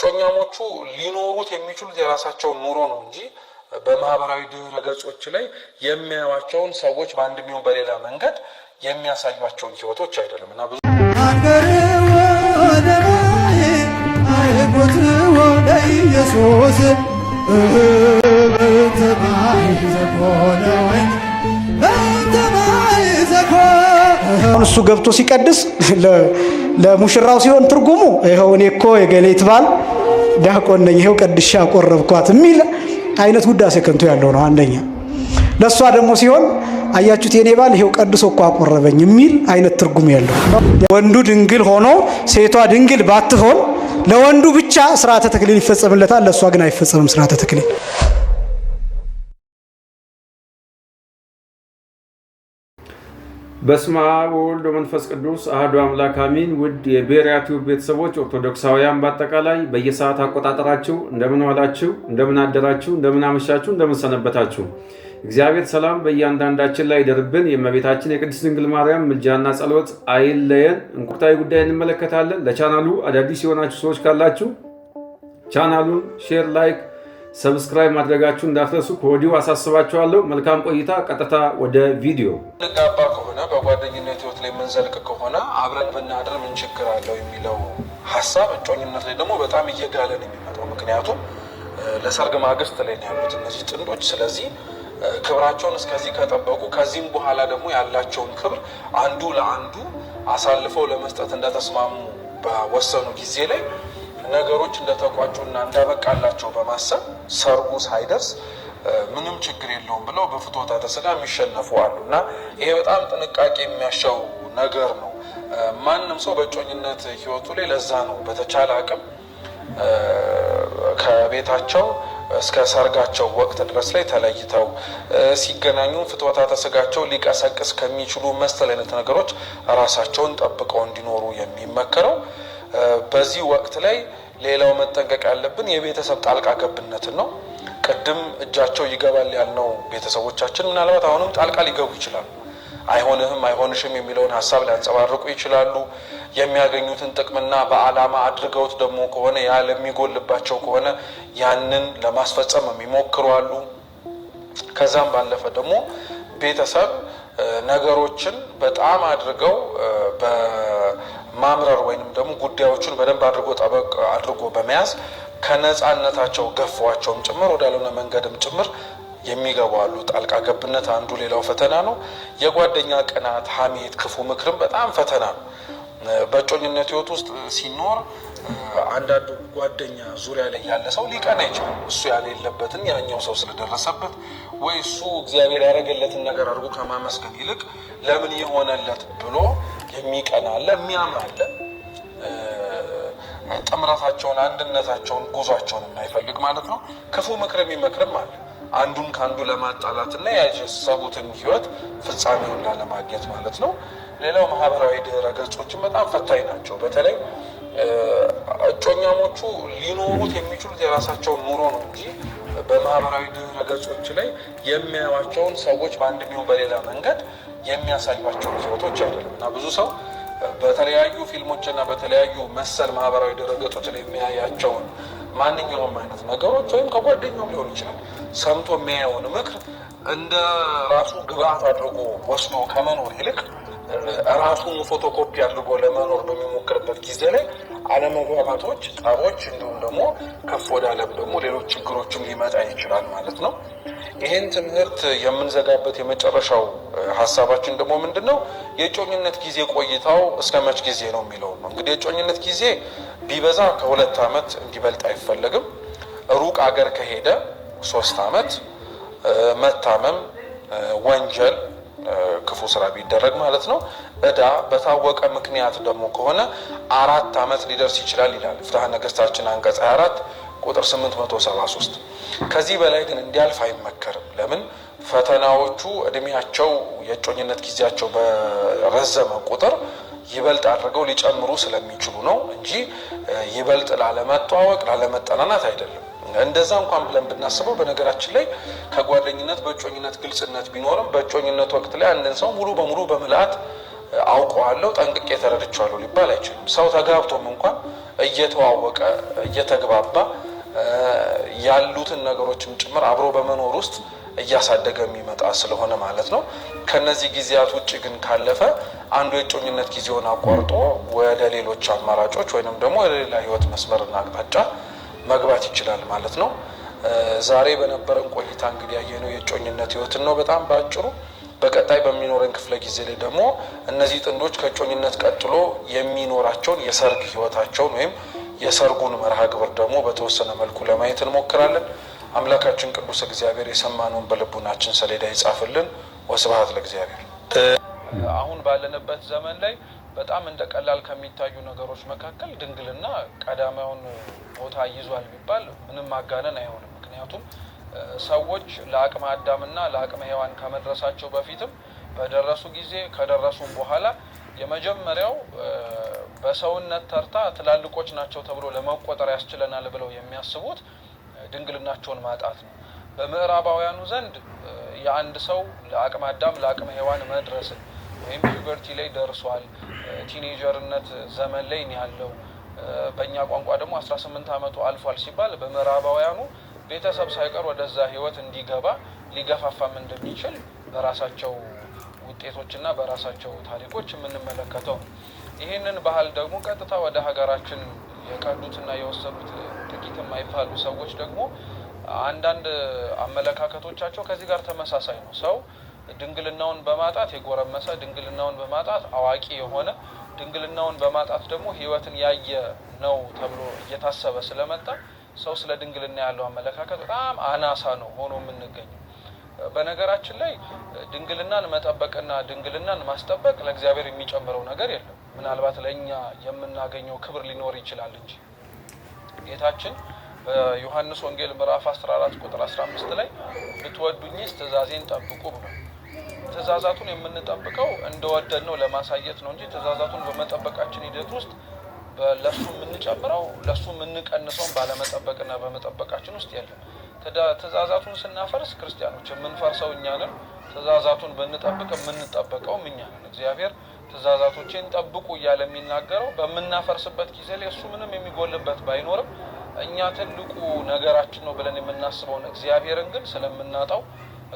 እጮኛሞቹ ሊኖሩት የሚችሉት የራሳቸውን ኑሮ ነው እንጂ በማህበራዊ ድህረ ገጾች ላይ የሚያዩቸውን ሰዎች በአንድ ሚሆን በሌላ መንገድ የሚያሳዩቸውን ህይወቶች አይደለም እና ብዙ እሱ ገብቶ ሲቀድስ ለሙሽራው ሲሆን ትርጉሙ ይኸው እኔ እኮ የገሌት ባል ዲያቆን ነኝ ይኸው ቀድሻ አቆረብኳት የሚል አይነት ውዳሴ ከንቱ ያለው ነው። አንደኛ ለእሷ ደግሞ ሲሆን አያችሁት የኔ ባል ይሄው ቀድሶ እኮ አቆረበኝ የሚል አይነት ትርጉም ያለው ወንዱ ድንግል ሆኖ ሴቷ ድንግል ባትሆን ለወንዱ ብቻ ስርዓተ ተክሊል ይፈጸምለታል፣ ለእሷ ግን አይፈጸምም ስርዓተ ተክሊል። በስመ አብ ወወልድ ወመንፈስ ቅዱስ አህዶ አምላክ አሚን። ውድ የብሔርያ ቲዩብ ቤተሰቦች ኦርቶዶክሳውያን በአጠቃላይ በየሰዓት አቆጣጠራችሁ እንደምን ዋላችሁ፣ እንደምን አደራችሁ፣ እንደምን አመሻችሁ፣ እንደምን ሰነበታችሁ። እግዚአብሔር ሰላም በእያንዳንዳችን ላይ ይደርብን። የእመቤታችን የቅድስት ድንግል ማርያም ምልጃና ጸሎት አይለየን። እንቁርታዊ ጉዳይ እንመለከታለን። ለቻናሉ አዳዲስ የሆናችሁ ሰዎች ካላችሁ ቻናሉን ሼር፣ ላይክ ሰብስክራይብ ማድረጋችሁ እንዳትረሱ ከወዲሁ አሳስባችኋለሁ። መልካም ቆይታ። ቀጥታ ወደ ቪዲዮ። ንጋባ ከሆነ በጓደኝነት ህይወት ላይ የምንዘልቅ ከሆነ አብረን ብናድር ምን ችግር አለው የሚለው ሀሳብ እጮኝነት ላይ ደግሞ በጣም እየጋለ ነው የሚመጣው። ምክንያቱም ለሰርግ ማግስት ላይ ነው ያሉት እነዚህ ጥንዶች። ስለዚህ ክብራቸውን እስከዚህ ከጠበቁ ከዚህም በኋላ ደግሞ ያላቸውን ክብር አንዱ ለአንዱ አሳልፈው ለመስጠት እንደተስማሙ በወሰኑ ጊዜ ላይ ነገሮች እንደተቋጩና እንዳበቃላቸው በማሰብ ሰርጉ ሳይደርስ ምንም ችግር የለውም ብለው በፍትወተ ተስጋ የሚሸነፉ አሉ እና ይሄ በጣም ጥንቃቄ የሚያሻው ነገር ነው። ማንም ሰው በእጮኝነት ህይወቱ ላይ ለዛ ነው በተቻለ አቅም ከቤታቸው እስከ ሰርጋቸው ወቅት ድረስ ላይ ተለይተው ሲገናኙ ፍትወታተ ስጋቸው ሊቀሰቅስ ከሚችሉ መሰል አይነት ነገሮች ራሳቸውን ጠብቀው እንዲኖሩ የሚመከረው በዚህ ወቅት ላይ ሌላው መጠንቀቅ ያለብን የቤተሰብ ጣልቃ ገብነትን ነው። ቅድም እጃቸው ይገባል ያልነው ቤተሰቦቻችን ምናልባት አሁንም ጣልቃ ሊገቡ ይችላሉ። አይሆንህም አይሆንሽም የሚለውን ሀሳብ ሊያንጸባርቁ ይችላሉ። የሚያገኙትን ጥቅምና በዓላማ አድርገውት ደግሞ ከሆነ ያ ለሚጎልባቸው ከሆነ ያንን ለማስፈጸም የሚሞክሩ አሉ። ከዛም ባለፈ ደግሞ ቤተሰብ ነገሮችን በጣም አድርገው ማምረር ወይንም ደግሞ ጉዳዮቹን በደንብ አድርጎ ጠበቅ አድርጎ በመያዝ ከነጻነታቸው ገፏቸውም ጭምር ወዳልሆነ መንገድም ጭምር የሚገቡ አሉ። ጣልቃ ገብነት አንዱ ሌላው ፈተና ነው። የጓደኛ ቅናት፣ ሀሜት፣ ክፉ ምክርም በጣም ፈተና ነው። በእጮኝነት ህይወት ውስጥ ሲኖር አንዳንዱ ጓደኛ ዙሪያ ላይ ያለ ሰው ሊቀና ይችላል። እሱ የለበትን ያኛው ሰው ስለደረሰበት ወይ እሱ እግዚአብሔር ያደረገለትን ነገር አድርጎ ከማመስገን ይልቅ ለምን የሆነለት ብሎ የሚቀና የሚያምናለ ጥምረታቸውን፣ አንድነታቸውን፣ ጉዟቸውን የማይፈልግ ማለት ነው። ክፉ ምክር የሚመክርም አለ አንዱን ከአንዱ ለማጣላትና ያሰቡትን ህይወት ፍጻሜውን ላለማግኘት ማለት ነው። ሌላው ማህበራዊ ድህረ ገጾችን በጣም ፈታኝ ናቸው። በተለይ እጮኛሞቹ ሊኖሩት የሚችሉት የራሳቸውን ኑሮ ነው እንጂ በማህበራዊ ድህረ ገጾች ላይ የሚያዩዋቸውን ሰዎች በአንድ ቢሆን በሌላ መንገድ የሚያሳዩቸውን ህይወቶች አይደለም እና ብዙ ሰው በተለያዩ ፊልሞችና በተለያዩ መሰል ማህበራዊ ድረ ገጾች ላይ የሚያያቸውን ማንኛውም አይነት ነገሮች ወይም ከጓደኛውም ሊሆን ይችላል ሰምቶ የሚያየውን ምክር እንደ ራሱ ግብዓት አድርጎ ወስኖ ከመኖር ይልቅ ራሱን ፎቶኮፒ አድርጎ ለመኖር በሚሞክርበት ጊዜ ላይ አለመግባባቶች፣ ጠቦች እንዲሁም ደግሞ ከፍ ወዳለም ደግሞ ሌሎች ችግሮችም ሊመጣ ይችላል ማለት ነው። ይህን ትምህርት የምንዘጋበት የመጨረሻው ሀሳባችን ደግሞ ምንድን ነው? የጮኝነት ጊዜ ቆይታው እስከ መች ጊዜ ነው የሚለው ነው። እንግዲህ የጮኝነት ጊዜ ቢበዛ ከሁለት ዓመት እንዲበልጥ አይፈለግም። ሩቅ አገር ከሄደ ሶስት ዓመት መታመም፣ ወንጀል ክፉ ስራ ቢደረግ ማለት ነው። እዳ በታወቀ ምክንያት ደግሞ ከሆነ አራት ዓመት ሊደርስ ይችላል ይላል ፍትሐ ነገስታችን አንቀጽ 24 ቁጥር 873። ከዚህ በላይ ግን እንዲያልፍ አይመከርም። ለምን? ፈተናዎቹ እድሜያቸው የእጮኝነት ጊዜያቸው በረዘመ ቁጥር ይበልጥ አድርገው ሊጨምሩ ስለሚችሉ ነው እንጂ ይበልጥ ላለመተዋወቅ ላለመጠናናት አይደለም። እንደዛ እንኳን ብለን ብናስበው በነገራችን ላይ ከጓደኝነት በእጮኝነት ግልጽነት ቢኖርም በእጮኝነት ወቅት ላይ አንድን ሰው ሙሉ በሙሉ በምልአት አውቀዋለሁ፣ ጠንቅቄ ተረድቼዋለሁ ሊባል አይችልም። ሰው ተጋብቶም እንኳን እየተዋወቀ እየተግባባ ያሉትን ነገሮችም ጭምር አብሮ በመኖር ውስጥ እያሳደገ የሚመጣ ስለሆነ ማለት ነው። ከነዚህ ጊዜያት ውጭ ግን ካለፈ አንዱ የእጮኝነት ጊዜውን አቋርጦ ወደ ሌሎች አማራጮች ወይንም ደግሞ ወደ ሌላ ህይወት መስመርና አቅጣጫ መግባት ይችላል ማለት ነው። ዛሬ በነበረን ቆይታ እንግዲህ ያየነው የእጮኝነት ህይወትን ነው በጣም በአጭሩ። በቀጣይ በሚኖረን ክፍለ ጊዜ ላይ ደግሞ እነዚህ ጥንዶች ከእጮኝነት ቀጥሎ የሚኖራቸውን የሰርግ ህይወታቸውን ወይም የሰርጉን መርሃ ግብር ደግሞ በተወሰነ መልኩ ለማየት እንሞክራለን። አምላካችን ቅዱስ እግዚአብሔር የሰማነውን በልቡናችን ሰሌዳ ይጻፍልን። ወስብሐት ለእግዚአብሔር። አሁን ባለንበት ዘመን ላይ በጣም እንደ ቀላል ከሚታዩ ነገሮች መካከል ድንግልና ቀዳሚውን ቦታ ይዟል ቢባል ምንም ማጋነን አይሆንም። ምክንያቱም ሰዎች ለአቅመ አዳምና ለአቅመ ሔዋን ከመድረሳቸው በፊትም በደረሱ ጊዜ ከደረሱም በኋላ የመጀመሪያው በሰውነት ተርታ ትላልቆች ናቸው ተብሎ ለመቆጠር ያስችለናል ብለው የሚያስቡት ድንግልናቸውን ማጣት ነው። በምዕራባውያኑ ዘንድ የአንድ ሰው ለአቅመ አዳም ለአቅመ ሔዋን መድረስን ወይም ዩቨርቲ ላይ ደርሷል። ቲኔጀርነት ዘመን ላይ ያለው በእኛ ቋንቋ ደግሞ 18 ዓመቱ አልፏል ሲባል በምዕራባውያኑ ቤተሰብ ሳይቀር ወደዛ ህይወት እንዲገባ ሊገፋፋም እንደሚችል በራሳቸው ውጤቶችና በራሳቸው ታሪኮች የምንመለከተው ነው። ይህንን ባህል ደግሞ ቀጥታ ወደ ሀገራችን የቀዱትና የወሰዱት ጥቂት የማይባሉ ሰዎች ደግሞ አንዳንድ አመለካከቶቻቸው ከዚህ ጋር ተመሳሳይ ነው። ሰው ድንግልናውን በማጣት የጎረመሰ ድንግልናውን በማጣት አዋቂ የሆነ ድንግልናውን በማጣት ደግሞ ህይወትን ያየ ነው ተብሎ እየታሰበ ስለመጣ ሰው ስለ ድንግልና ያለው አመለካከት በጣም አናሳ ነው ሆኖ የምንገኘው። በነገራችን ላይ ድንግልናን መጠበቅና ድንግልናን ማስጠበቅ ለእግዚአብሔር የሚጨምረው ነገር የለም። ምናልባት ለእኛ የምናገኘው ክብር ሊኖር ይችላል እንጂ ጌታችን በዮሐንስ ወንጌል ምዕራፍ 14 ቁጥር 15 ላይ ብትወዱኝስ ትእዛዜን ጠብቁ ብሏል። ትእዛዛቱን የምንጠብቀው እንደወደድ ነው ለማሳየት ነው እንጂ ትእዛዛቱን በመጠበቃችን ሂደት ውስጥ ለሱ የምንጨምረው ለሱ የምንቀንሰውን ባለመጠበቅና በመጠበቃችን ውስጥ የለም። ትእዛዛቱን ስናፈርስ ክርስቲያኖች የምንፈርሰው እኛ ነን። ትእዛዛቱን ብንጠብቅ የምንጠበቀውም እኛ ነን። እግዚአብሔር ትእዛዛቶቼን ጠብቁ እያለ የሚናገረው በምናፈርስበት ጊዜ ላይ እሱ ምንም የሚጎልበት ባይኖርም እኛ ትልቁ ነገራችን ነው ብለን የምናስበውን እግዚአብሔርን ግን ስለምናጣው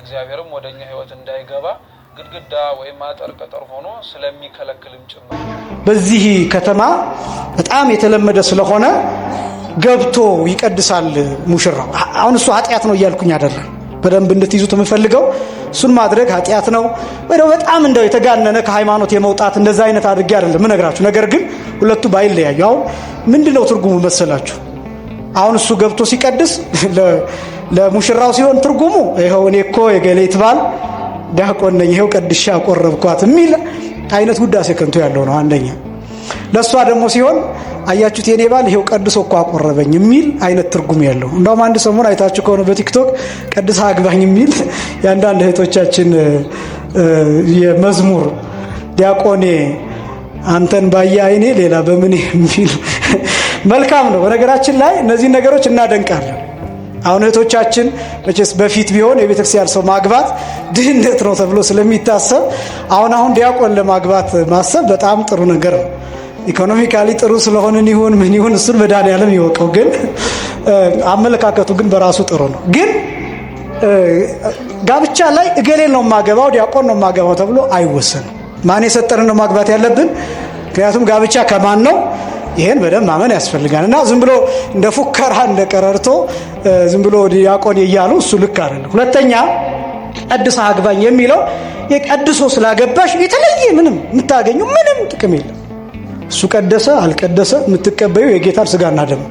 እግዚአብሔርም ወደ እኛ ህይወት እንዳይገባ ግድግዳ ወይም አጠር ቅጥር ሆኖ ስለሚከለክልም ጭምር በዚህ ከተማ በጣም የተለመደ ስለሆነ ገብቶ ይቀድሳል ሙሽራው። አሁን እሱ ኃጢአት ነው እያልኩኝ አደረ በደንብ እንድትይዙት የምፈልገው እሱን ማድረግ ኃጢአት ነው ወደ በጣም እንደው የተጋነነ ከሃይማኖት የመውጣት እንደዛ አይነት አድርጌ አይደለም ምነግራችሁ። ነገር ግን ሁለቱ ባይለያዩ አሁን ምንድነው ትርጉሙ መሰላችሁ? አሁን እሱ ገብቶ ሲቀድስ ለሙሽራው ሲሆን ትርጉሙ ይኸው እኔ እኮ የገሌት ባል ዲያቆን ነኝ፣ ይኸው ቀድሻ አቆረብኳት የሚል አይነት ውዳሴ ከንቱ ያለው ነው። አንደኛ ለእሷ ደግሞ ሲሆን አያችሁት የኔ ባል ይሄው ቀድሶ እኮ አቆረበኝ የሚል አይነት ትርጉም ያለው። እንደውም አንድ ሰሞን አይታችሁ ከሆነ በቲክቶክ ቀድሳ አግባኝ የሚል የአንዳንድ እህቶቻችን የመዝሙር ዲያቆኔ አንተን ባየ አይኔ ሌላ በምን የሚል መልካም ነው። በነገራችን ላይ እነዚህን ነገሮች እናደንቃለን። አሁን እህቶቻችን መቼስ በፊት ቢሆን የቤተክርስቲያን ሰው ማግባት ድህነት ነው ተብሎ ስለሚታሰብ አሁን አሁን ዲያቆን ለማግባት ማሰብ በጣም ጥሩ ነገር ነው። ኢኮኖሚካሊ ጥሩ ስለሆንን ይሁን ምን ይሁን እሱን መድኃኔዓለም ይወቀው። ግን አመለካከቱ ግን በራሱ ጥሩ ነው። ግን ጋብቻ ላይ እገሌ ነው የማገባው ዲያቆን ነው የማገባው ተብሎ አይወሰንም። ማን የሰጠን ነው ማግባት ያለብን። ምክንያቱም ጋብቻ ከማን ነው? ይሄን በደንብ ማመን ያስፈልጋል። እና ዝም ብሎ እንደ ፉከራ እንደ ቀረርቶ ዝም ብሎ ዲያቆን እያሉ እሱ ልክ አይደለም። ሁለተኛ ቀድሳ አግባኝ የሚለው የቀድሶ ስላገባሽ የተለየ ምንም የምታገኙ ምንም ጥቅም የለም። እሱ ቀደሰ አልቀደሰ የምትቀበዩ የጌታን ስጋና ደም።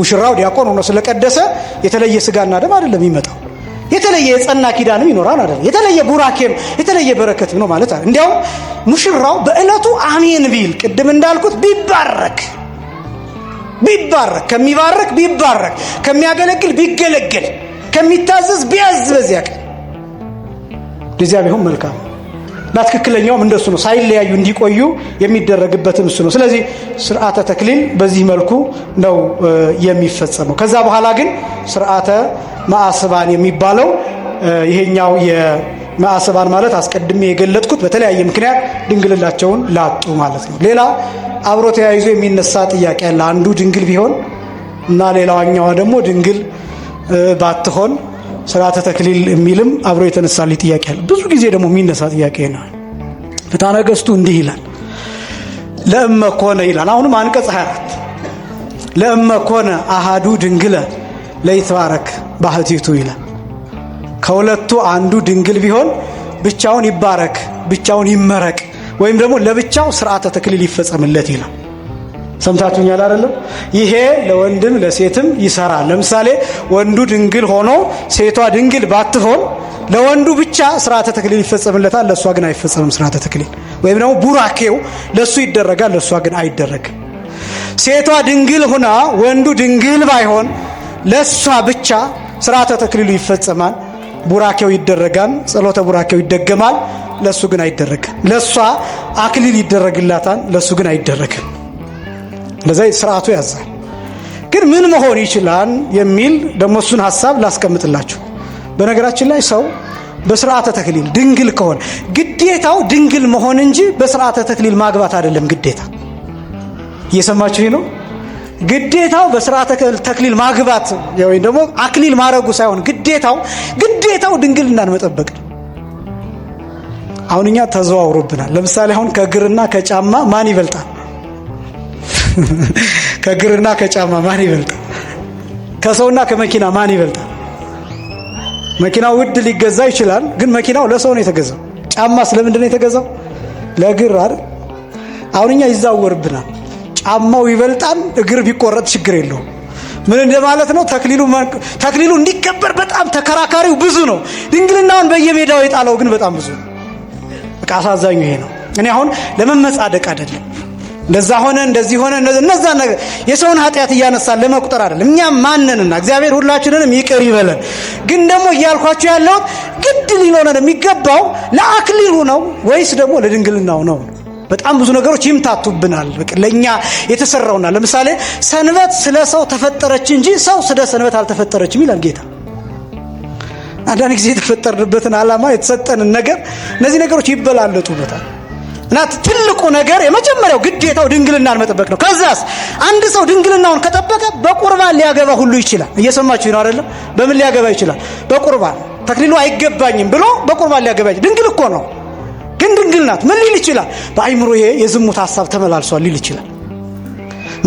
ሙሽራው ዲያቆን ሆኖ ስለቀደሰ የተለየ ስጋና ደም አይደለም ይመጣው የተለየ የጸና ኪዳንም ይኖራል አይደል? የተለየ ቡራኬም የተለየ በረከት ነው ማለት አይደል? እንዲያውም ሙሽራው በእለቱ አሜን ቢል ቅድም እንዳልኩት ቢባረክ ቢባረክ ከሚባረክ ቢባረክ ከሚያገለግል ቢገለገል ከሚታዘዝ ቢያዝ በዚያ ቀን ለዚያ ቢሆን መልካም እና ትክክለኛውም እንደሱ ነው። ሳይለያዩ እንዲቆዩ የሚደረግበትም እሱ ነው። ስለዚህ ስርዓተ ተክሊል በዚህ መልኩ ነው የሚፈጸመው። ከዛ በኋላ ግን ስርዓተ ማአስባን የሚባለው ይሄኛው የማአስባን ማለት አስቀድሜ የገለጥኩት በተለያየ ምክንያት ድንግልላቸውን ላጡ ማለት ነው። ሌላ አብሮ ተያይዞ የሚነሳ ጥያቄ አለ። አንዱ ድንግል ቢሆን እና ሌላዋኛዋ ደግሞ ድንግል ባትሆን ስርዓተ ተክሊል የሚልም አብሮ የተነሳልኝ ጥያቄ አለ። ብዙ ጊዜ ደግሞ የሚነሳ ጥያቄ ነው። ፍትሐ ነገሥቱ እንዲህ ይላል፣ ለእመ ኮነ ይላል። አሁንም አንቀጽ 24 ለእመ ኮነ አሃዱ ድንግለ ለይትባረክ ባህቲቱ ይላል። ከሁለቱ አንዱ ድንግል ቢሆን ብቻውን ይባረክ፣ ብቻውን ይመረቅ፣ ወይም ደግሞ ለብቻው ስርዓተ ተክሊል ይፈጸምለት ይላል። ሰምታችሁኛል አይደለም? ይሄ ለወንድም ለሴትም ይሰራል። ለምሳሌ ወንዱ ድንግል ሆኖ ሴቷ ድንግል ባትሆን ለወንዱ ብቻ ስርዓተ ተክሊል ይፈጸምለታል፣ ለእሷ ግን አይፈጸምም። ስርዓተ ተክሊል ወይም ደግሞ ቡራኬው ለእሱ ይደረጋል፣ ለእሷ ግን አይደረግም። ሴቷ ድንግል ሆና ወንዱ ድንግል ባይሆን ለእሷ ብቻ ስርዓተ ተክሊሉ ይፈጸማል፣ ቡራኬው ይደረጋል፣ ጸሎተ ቡራኬው ይደገማል፣ ለእሱ ግን አይደረግም። ለእሷ አክሊል ይደረግላታል፣ ለእሱ ግን አይደረግም። እንደዛ ስርዓቱ ያዛል። ግን ምን መሆን ይችላል የሚል ደግሞ እሱን ሀሳብ ላስቀምጥላችሁ። በነገራችን ላይ ሰው በስርዓተ ተክሊል ድንግል ከሆነ ግዴታው ድንግል መሆን እንጂ በስርዓተ ተክሊል ማግባት አይደለም። ግዴታ እየሰማችሁ ነው። ግዴታው በስርዓተ ተክሊል ማግባት ወይም ደግሞ አክሊል ማድረጉ ሳይሆን ግዴታው ግዴታው ድንግል እንዳንመጠበቅ ነው። አሁን እኛ ተዘዋውሮብናል። ለምሳሌ አሁን ከእግርና ከጫማ ማን ይበልጣል? ከእግርና ከጫማ ማን ይበልጣል? ከሰውና ከመኪና ማን ይበልጣል? መኪናው ውድ ሊገዛ ይችላል፣ ግን መኪናው ለሰው ነው የተገዛው። ጫማ ስለምንድን ነው የተገዛው? ለእግር አይደል? አሁን እኛ ይዛወርብናል። ጫማው ይበልጣል። እግር ቢቆረጥ ችግር የለውም። ምን እንደማለት ነው? ተክሊሉ ተክሊሉ እንዲከበር በጣም ተከራካሪው ብዙ ነው። ድንግልናውን በየሜዳው የጣለው ግን በጣም ብዙ ነው። በቃ አሳዛኙ ይሄ ነው። እኔ አሁን ለመመጻደቅ አይደለም እንደዛ ሆነ እንደዚህ ሆነ እነዛ ነገር የሰውን ኃጢአት እያነሳን ለመቁጠር አይደለም። እኛም ማንንና እግዚአብሔር ሁላችንንም ይቅር ይበለን። ግን ደግሞ እያልኳችሁ ያለሁት ግድ ሊሆነን የሚገባው ለአክሊሉ ነው ወይስ ደግሞ ለድንግልናው ነው? በጣም ብዙ ነገሮች ይምታቱብናል። ለእኛ የተሰራውና ለምሳሌ ሰንበት ስለ ሰው ተፈጠረች እንጂ ሰው ስለ ሰንበት አልተፈጠረችም ይላል ጌታ። አንዳንድ ጊዜ የተፈጠርንበትን ዓላማ የተሰጠንን ነገር እነዚህ ነገሮች ይበላለጡበታል። እናት ትልቁ ነገር የመጀመሪያው ግዴታው ድንግልናን መጠበቅ ነው። ከዛስ አንድ ሰው ድንግልናውን ከጠበቀ በቁርባን ሊያገባ ሁሉ ይችላል። እየሰማችሁ ነው አይደለም? በምን ሊያገባ ይችላል? በቁርባን ተክሊሉ አይገባኝም ብሎ በቁርባን ሊያገባ ይችላል። ድንግል እኮ ነው፣ ግን ድንግልናት ምን ሊል ይችላል? በአይምሮ ይሄ የዝሙት ሀሳብ ተመላልሷል ሊል ይችላል።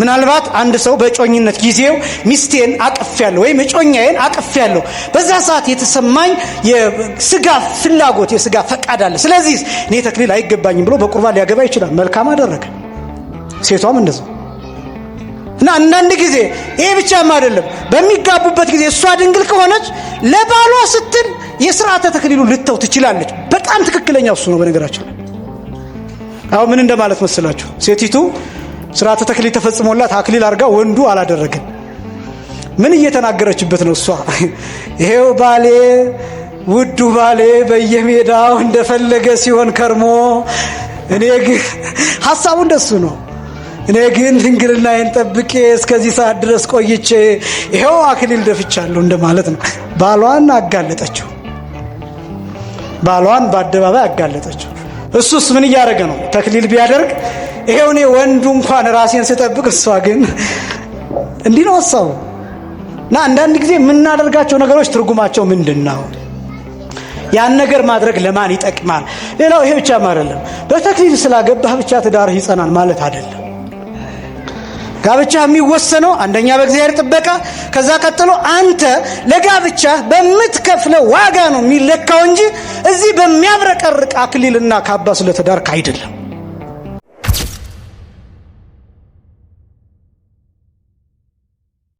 ምናልባት አንድ ሰው በእጮኝነት ጊዜው ሚስቴን አቅፌያለሁ ወይም እጮኛዬን አቅፌያለሁ፣ በዛ ሰዓት የተሰማኝ የስጋ ፍላጎት የስጋ ፈቃድ አለ። ስለዚህ እኔ ተክሊል አይገባኝም ብሎ በቁርባን ሊያገባ ይችላል። መልካም አደረገ። ሴቷም እንደዛ እና አንዳንድ ጊዜ ይሄ ብቻም አይደለም። በሚጋቡበት ጊዜ እሷ ድንግል ከሆነች ለባሏ ስትል የስርዓተ ተክሊሉ ልተው ትችላለች። በጣም ትክክለኛ እሱ ነው። በነገራችን አሁን ምን እንደማለት መስላችሁ ሴቲቱ ስርዓተ ተክሊል ተፈጽሞላት አክሊል አድርጋ ወንዱ አላደረግን ምን እየተናገረችበት ነው እሷ? ይሄው ባሌ ውዱ ባሌ በየሜዳው እንደፈለገ ሲሆን ከርሞ እኔ ግን ሀሳቡ እንደሱ ነው። እኔ ግን ድንግልናዬን ጠብቄ እስከዚህ ሰዓት ድረስ ቆይቼ ይኸው አክሊል ደፍቻለሁ እንደማለት ነው። ባሏን አጋለጠችው። ባሏን በአደባባይ አጋለጠችው። እሱስ ምን እያደረገ ነው? ተክሊል ቢያደርግ ይሄው እኔ ወንዱ እንኳን ራሴን ስጠብቅ እሷ ግን እንዲህ ነው ሀሳቡ። እና አንዳንድ ጊዜ የምናደርጋቸው ነገሮች ትርጉማቸው ምንድን ነው? ያን ነገር ማድረግ ለማን ይጠቅማል? ሌላው ይሄ ብቻም አይደለም። በተክሊል ስላገባህ ብቻ ትዳርህ ይጸናል ማለት አይደለም። ጋብቻ የሚወሰነው አንደኛ በእግዚአብሔር ጥበቃ፣ ከዛ ቀጥሎ አንተ ለጋብቻ በምትከፍለው ዋጋ ነው የሚለካው እንጂ እዚህ በሚያብረቀርቅ አክሊልና ካባ ስለ አይደለም።